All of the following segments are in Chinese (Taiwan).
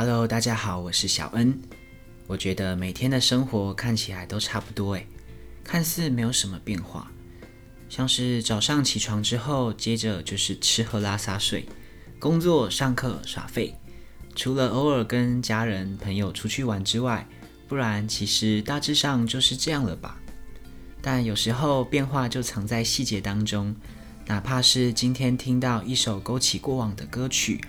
Hello，大家好，我是小恩。我覺得每天的生活看起來都差不多，誒，看似沒有什麼變化，像是早上起床之後，接着就是吃喝拉撒睡，工作、上課、耍廢，除了偶爾跟家人朋友出去玩之外，不然其實大致上就是這樣了吧。但有時候變化就藏在細節當中，哪怕是今天聽到一首勾起過往的歌曲。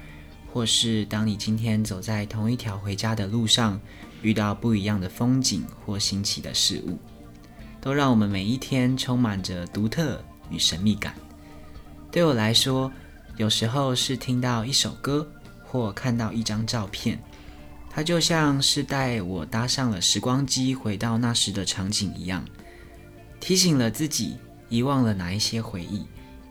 或是當你今天走在同一條回家的路上，遇到不一樣的風景或新奇的事物，都讓我們每一天充滿着獨特與神秘感。對我來說，有時候是聽到一首歌或看到一張照片，它就像是帶我搭上了時光機，回到那時的場景一樣，提醒了自己遺忘了哪一些回憶，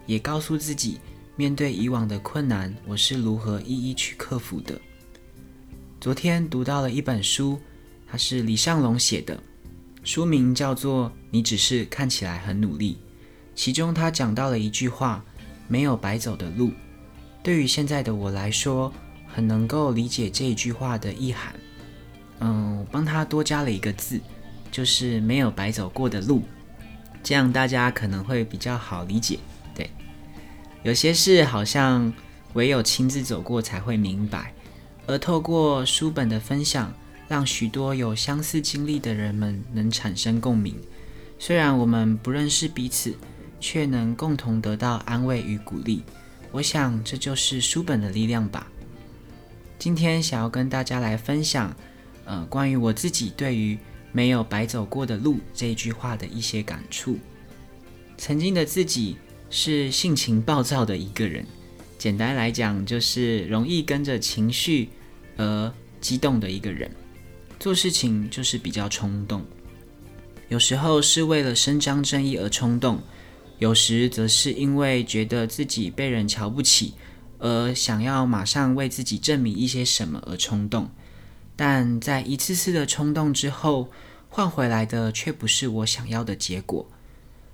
也告訴自己，面對以往的困難，我是如何一一去克服的？昨天讀到了一本書，它是李尚龍寫的，書名叫做《你只是看起來很努力》。其中他講到了一句話：“沒有白走的路。”對於現在的我來說，很能夠理解這一句話的意涵。嗯，我幫他多加了一個字，就是“沒有白走過的路”，這樣大家可能會比較好理解。有些事好像唯有親自走過才會明白，而透過書本的分享，讓許多有相似經歷的人們能產生共鳴。雖然我們不認識彼此，卻能共同得到安慰與鼓勵。我想這就是書本的力量吧。今天想要跟大家來分享，呃，關於我自己對於“沒有白走過的路”這一句話的一些感觸。曾經的自己。是性情暴躁的一個人，簡單來講就是容易跟着情緒而激動的一個人，做事情就是比較衝動。有時候是為了伸張正義而衝動，有時則是因為覺得自己被人瞧不起而想要馬上為自己證明一些什麼而衝動。但在一次次的衝動之後，換回來的卻不是我想要的結果。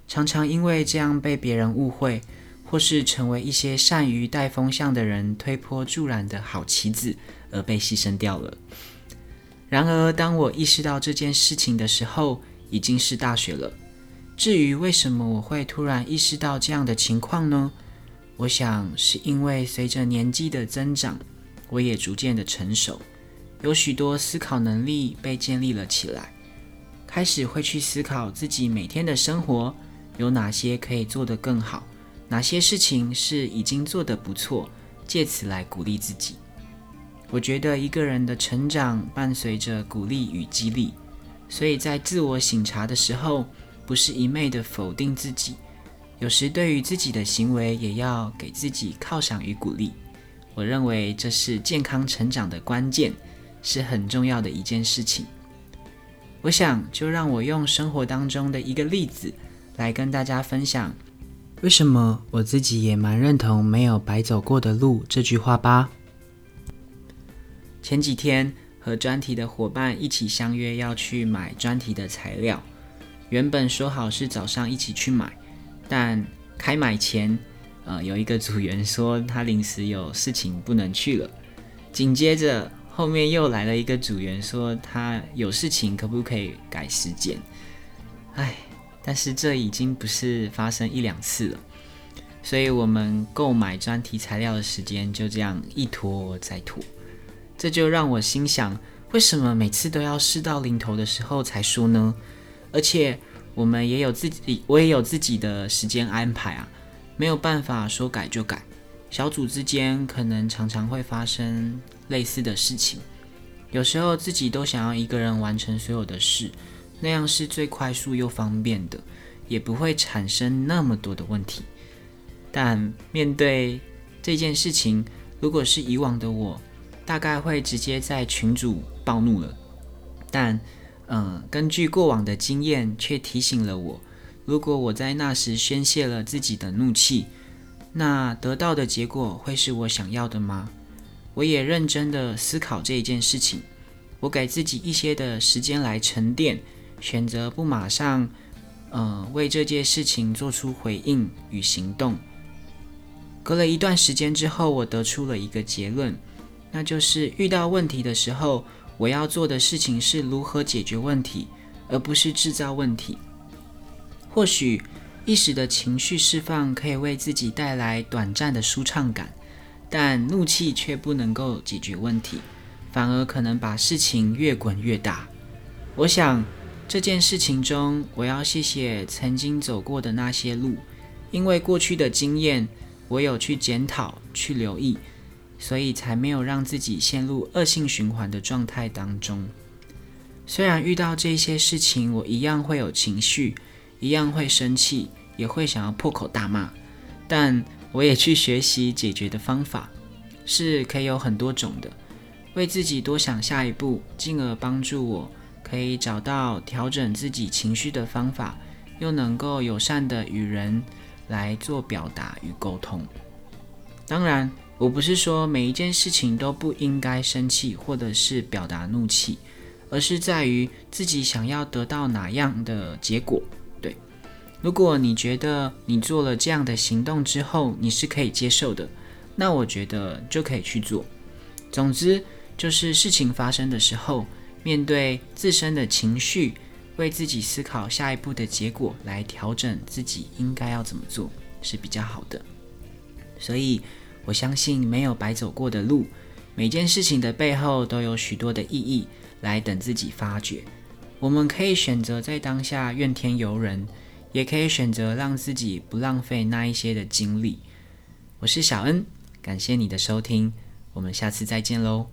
常常因為這樣被別人誤會，或是成為一些善於帶風向的人推波助瀾的好棋子，而被犧牲掉了。然而，當我意識到這件事情的時候，已經是大學了。至於為什麼我會突然意識到這樣的情況呢？我想是因為隨着年紀的增長，我也逐漸的成熟，有許多思考能力被建立了起來，開始會去思考自己每天的生活，有哪些可以做得更好？哪些事情是已經做得不錯，借此來鼓勵自己。我覺得一個人的成長伴隨着鼓勵與激勵，所以在自我省察的時候，不是一昧的否定自己。有時對於自己的行為，也要給自己犒賞與鼓勵。我認為這是健康成長的關鍵，是很重要的一件事情。我想就讓我用生活當中的一個例子。來跟大家分享，為什麼我自己也蠻認同“沒有白走過的路”這句話吧。前幾天和專題的伙伴一起相約要去買專題的材料，原本說好是早上一起去買，但開買前，呃，有一個組員說他臨時有事情不能去了，緊接着後面又來了一個組員說他有事情，可不可以改時間？唉。但是這已經不是發生一兩次了，所以我們購買專題材料的時間就這樣一拖再拖，這就讓我心想，為什麼每次都要事到臨頭的時候才說呢？而且我們也有自己，我也有自己的時間安排啊，沒有辦法說改就改。小組之間可能常常會發生類似的事情，有時候自己都想要一個人完成所有的事。那樣是最快速又方便的，也不會產生那麼多的問題。但面對這件事情，如果是以往的我，大概會直接在群組暴怒了。但，嗯、呃，根據過往的經驗，卻提醒了我：如果我在那時宣洩了自己的怒氣，那得到的結果會是我想要的嗎？我也認真的思考這一件事情，我給自己一些的時間來沉澱。選擇不馬上，嗯、呃，為這件事情做出回應與行動。隔了一段時間之後，我得出了一個結論，那就是遇到問題的時候，我要做的事情是如何解決問題，而不是製造問題。或許一時的情緒釋放可以為自己帶來短暫的舒暢感，但怒氣卻不能夠解決問題，反而可能把事情越滾越大。我想。這件事情中，我要謝謝曾經走過的那些路，因為過去的經驗，我有去檢討、去留意，所以才沒有讓自己陷入惡性循環的狀態當中。雖然遇到這些事情，我一樣會有情緒，一樣會生氣，也會想要破口大罵，但我也去學習解決的方法，是可以有很多種的，為自己多想下一步，進而幫助我。可以找到調整自己情緒的方法，又能夠友善的與人來做表達與溝通。當然，我不是說每一件事情都不應該生氣或者是表達怒氣，而是在於自己想要得到哪樣的結果。對，如果你覺得你做了這樣的行動之後，你是可以接受的，那我覺得就可以去做。總之，就是事情發生的時候。面對自身的情緒，為自己思考下一步的結果，來調整自己應該要怎麼做是比較好的。所以我相信沒有白走過的路，每件事情的背後都有許多的意義來等自己發掘。我們可以選擇在當下怨天尤人，也可以選擇讓自己不浪費那一些的經歷。我是小恩，感謝你的收聽，我們下次再見嘍。